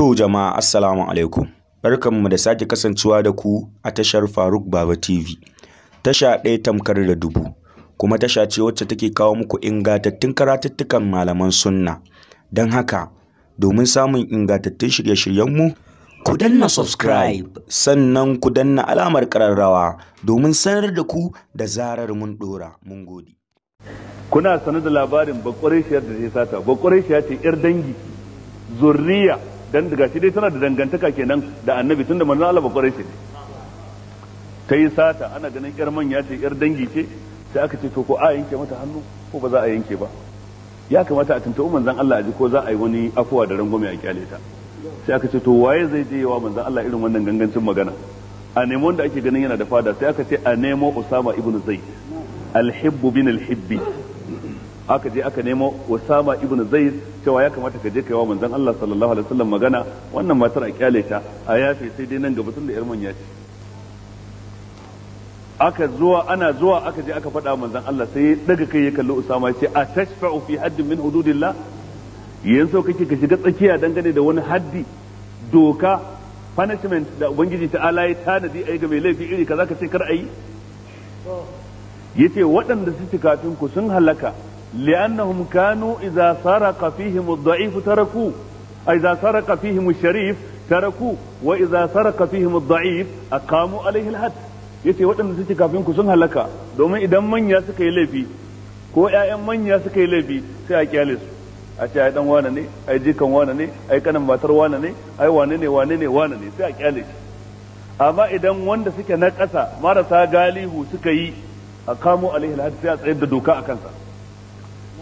To jama'a assalamu alaikum. Barkanmu da sake kasancewa da ku a tashar Faruk Baba TV. Tasha ɗaya tamkar da dubu, kuma tasha ce wacce take kawo muku ingantattun karatuttukan malaman sunna. Don haka, domin samun ingantattun shirye-shiryenmu, ku danna subscribe sannan ku danna alamar ƙararrawa domin sanar da ku da zarar mun ɗora. Mun gode. Kuna sanar da labarin bakwarishiyar da zai sata, bakwarishiyar ce 'yar dangi, zurriya dan daga shi dai tana da dangantaka kenan da annabi tunda manzon Allah ba kwarai shi ta yi sata ana ganin yar manya ce yar dangi ce sai aka ce to ko a yanke mata hannu ko ba za a yanke ba ya kamata a tuntuɓi manzon Allah a ji ko za a yi wani afuwa da rangwame a kyale ta sai aka ce to waye zai je wa manzon Allah irin wannan gangancin magana a nemo wanda ake ganin yana da fada sai aka ce a nemo Usama ibn Zaid Alhibbu bin alhibbi aka je aka nemo Usama ibn Zaid cewa ya kamata ka je kai wa manzon Allah sallallahu alaihi wasallam magana wannan matar a kyale ta a yafe sai dai nan gaba tun da yar manya ce aka zuwa ana zuwa aka je aka faɗa manzon Allah sai ya daga kai ya kalli Usama ya ce a tashfa'u fi haddin min hududillah yanzu kake ka shiga tsakiya dangane da wani haddi doka punishment da ubangiji ta ala ya tanadi ayi ga mai laifi iri kaza ka ce kar ayi yace waɗanda suke kafin ku sun halaka لأنهم كانوا إذا سرق فيهم الضعيف تركوا إذا سرق فيهم الشريف تركوا وإذا سرق فيهم الضعيف أقاموا عليه الحد yace waɗanda suke kafin ku sun halaka domin idan manya suka yi laifi ko ƴaƴan manya suka yi laifi sai a kyale su a ce ai dan wane ne ai jikan wane ne ai kanan matar wane ne ai wane ne wane ne wane ne sai a kyale shi amma idan wanda suke na ƙasa marasa galihu suka yi a kamo alaihi sai a tsayar da doka a kansa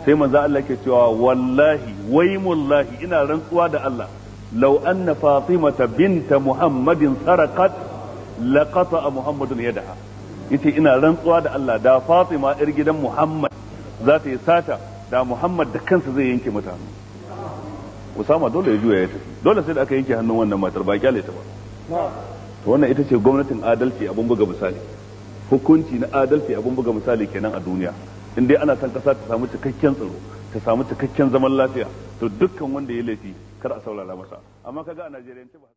sai manzo Allah ke cewa wallahi wai mullahi ina rantsuwa da Allah law anna fatimata binta muhammadin sarakat laqata muhammadun yadaha yace ina rantsuwa da Allah da fatima yar gidan muhammad za ta yi sata da muhammad da kansa zai yanke mata hannu usama dole ya juya ya tafi dole sai da aka yanke hannun wannan matar ba kyale ta ba wannan ita ce gwamnatin adalci abin buga misali hukunci na adalci abin buga misali kenan a duniya in dai ana son kasa ta samu cikakken tsaro ta samu cikakken zaman lafiya to dukkan wanda ya laifi kar a saurara masa amma kaga a Najeriya